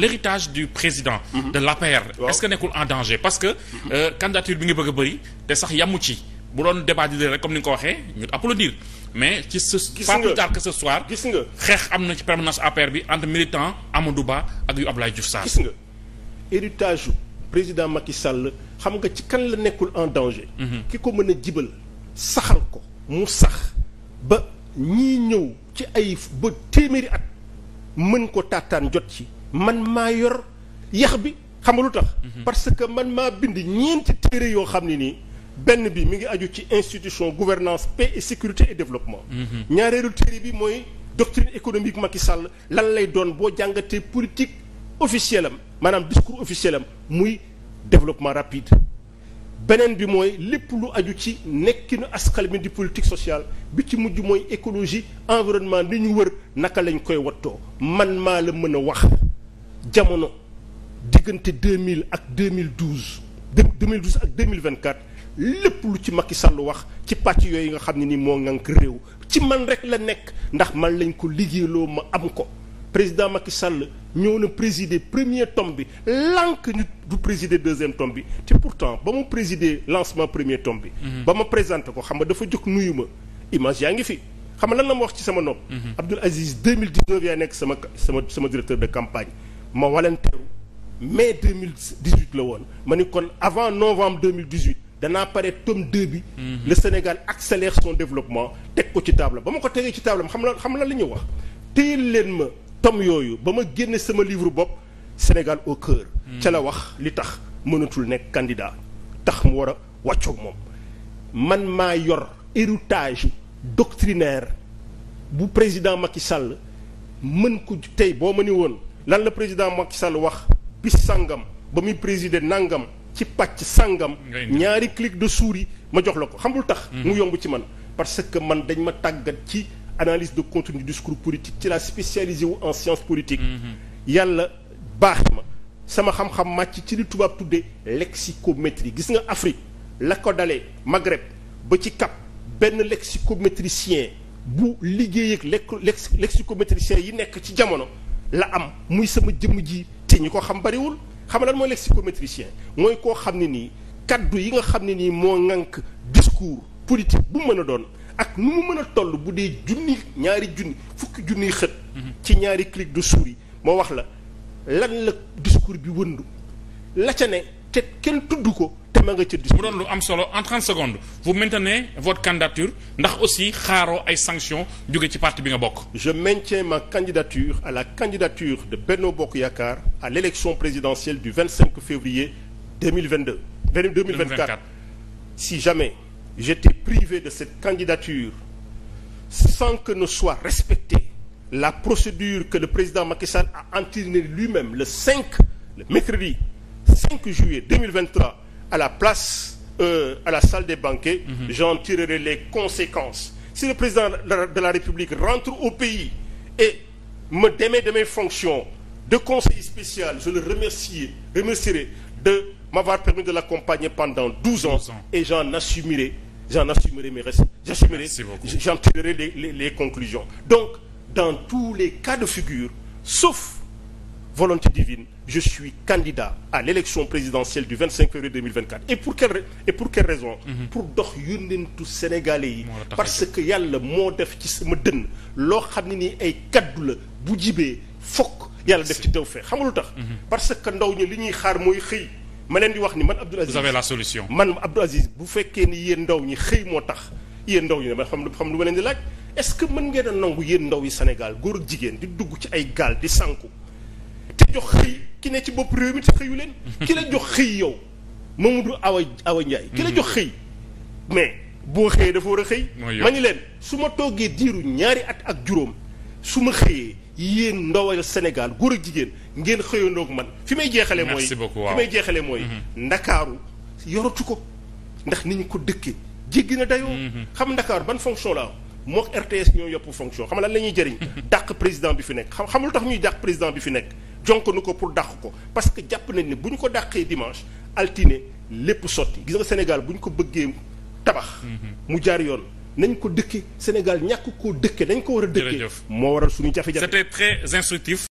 l'héritage du président mhm. de l'APR est-ce que nekkul en danger parce que mhm. euh, candidature bi nga bëgg a bëri te sax yamu ci bu doon débat di rek comme ni nga ko waxee ñu applaudir mais ci ce pas plus tard que ce soir nga xeex am na ci permanence APR bi entre militant Amadou Ba ak yu Abdoulaye Diouf Sarr gis nga héritage président Macky Sall xam nga ci kan la nekkul en danger mhm. ki ko mën a jibal saxal ko mu sax ba ñii ñëw ci ay ba téeméeri at mën ko taataan jot ci man maa yor yax bi xam lu tax. Mhm. parce que man ma bind ñeenti téere yoo xam ne nii benn bi mi ngi aju ci institution gouvernance paix et sécurité et développement. Mhm. ñaareelu téere bi mooy doctrine économique Macky Sall lan lay doon boo jàngatee politique officielle am maanaam discours officiel am muy développement rapide. beneen bi mooy lépp lu aju ci nekkinu askal mi di politique sociale bi ci mujj mooy écologie environnement ni ñu wër naka lañ koy wattoo man maa la mën a wax. jamono diggante deux mille ak deux mille douze deux mille douze ak deux mille vingt quatre lépp lu ci Macky Sall wax ci pàcc yooyu nga xam ne ni moo ŋànk réew ci man rek la nekk ndax man lañ ko liggéeyloo ma am ko président Macky Sall ñëw na présider premier tome bi lànk ñu du présider deuxième tome bi te pourtant ba mu présider lancement premier tome bi. Mhm. ba ma présente ko xam dafa jóg nuyu ma image yaa ngi fi. xam nga lan na ma wax ci sama nopp. Mhm. Abdoul Aziz 2019 yaa nekk sama sama sama directeur de campagne. ma walanteeru mai 2018 la woon ma ni kon avant novembre 2018 danaa pare tome 2 bi. Mhm. le Sénégal accélère son développement teg ko ci table ba ma ko tegee ci table xam la xam la li ñu wax téyel leen ma tome yooyu ba ma génne sama livre bopp Sénégal au cœur. Mhm. ca la wax li tax mënatul nekk candidat tax mu war a wàccoog moom man maa yor héritage doctrinaire bu président Macky Sall mën ko tey boo ma ni woon. lan la président Macky Sall wax bis sangam ba muy présider nangam ci pacc sangam. ñaari clic de souris ma jox la ko xamul tax. Hmm. mu yomb ci man parce que man dañ ma tàggat ci analyse de contenu du discours politique ci la spécialisé wu en sciences politiques. Hmm. yàlla baax ma sama xam-xam màcc ci li tubaab tuddee lexicométrie gis nga Afrique la ko dalee ba ci Cap benn lexicométricien bu liggéey ak lexicométricien yi nekk ci jamono. la am muy sama jëmm ji te ñu ko xam bariwul xam lan mooy lexicométricien mooy koo xam ne nii kaddu yi nga xam ne nii moo ŋànk discours politique bu mën a doon ak nu mu mën a toll bu dee junni ñaari junni fukki junniy xët ci ñaari clic de souris moo wax la lan la discours bi wëndu la ca ne te kenn tudd ko te ma nga ca dis mu doon lu am solo en 30 secondes vous maintenez votre candidature ndax aussi xaaroo ay sanctions jóge ci parti bi nga bokk je maintiens ma candidature à la candidature de Benno Bokk Yaakaar à l'élection présidentielle du 25 février 2022 2024 si jamais j'étais privé de cette candidature sans ne soit respectée la procédure que président Macky Sall a entérinée lui le 5 le mercredi 5 juillet 2023 à la place euh, à la salle des banquets mm -hmm. j'en tirerai les conséquences si le président de la République rentre au pays et me démet de mes fonctions de conseiller spécial je le remercie remercierai de m'avoir permis de l'accompagner pendant 12 ans, 12 ans. et j'en assumerai j'en assumerai mes restes j'assumerai j'en tirerai les, les, les conclusions donc dans tous les cas de figure sauf volonté divine je suis candidat à l'élection présidentielle du 25 février 2024 et pour quelle et pour quelle raison mm -hmm. pour dox yónnentu sénégalais yi parce que yàlla moo def ci sama dënn loo xam ne nii ay kaddu la bu jibee fokk yàlla def ci taw fee xamul nga lu tax mhm. parce que ndaw ñi li ñuy xaar mooy xëy ma leen di wax ni man Abdou Aziz vous avez la solution man Abdou Aziz bu fekkee ni yéen ndaw ñi xëy moo tax yéen ndaw ñi dama xam xam lu ma leen di laaj est-ce que mën ngeen a nangu yéen ndaw yi Sénégal góor jigéen di dugg ci ay gaal di sànku jox xëy ki ne ci bopp réew mi te xëyu leen. ki la jox xëy yow moom Mamadou Awa Awa Ndiaye. ki la jox xëy mais boo xëyee dafa war a xëy. ma ni leen su ma toogee diiru ñaari at ak juróom su ma xëyee yéen ndawal Sénégal góor ak jigéen ngeen xëyandoo ak man fi may jeexalee. mooy fi may jeexalee mooy. Mm-hmm. ndakaaru yorotu ko ndax ni ñu ko dëkkee jéggi na dayoo. Mm-hmm. xam ndakaaru ban fonction la am mook RTS ñoo yopp fonction xam lan la ñuy jëriñ. dàq président bi fi nekk xam xam tax ñuy dàq président bi fi nekk. jonkanu ko pour dàq ko parce que jàpp nañ ne bu ñu ko dàqee dimanche altine lépp sotti gis nga Sénégal bu ñu ko bëggee tabax. mu jaar yoon nañ ko dëkke Sénégal ñàkk koo dëkkee nañ ko war a dëkke moo waral suñu jafe-jafe. c'était très instructif.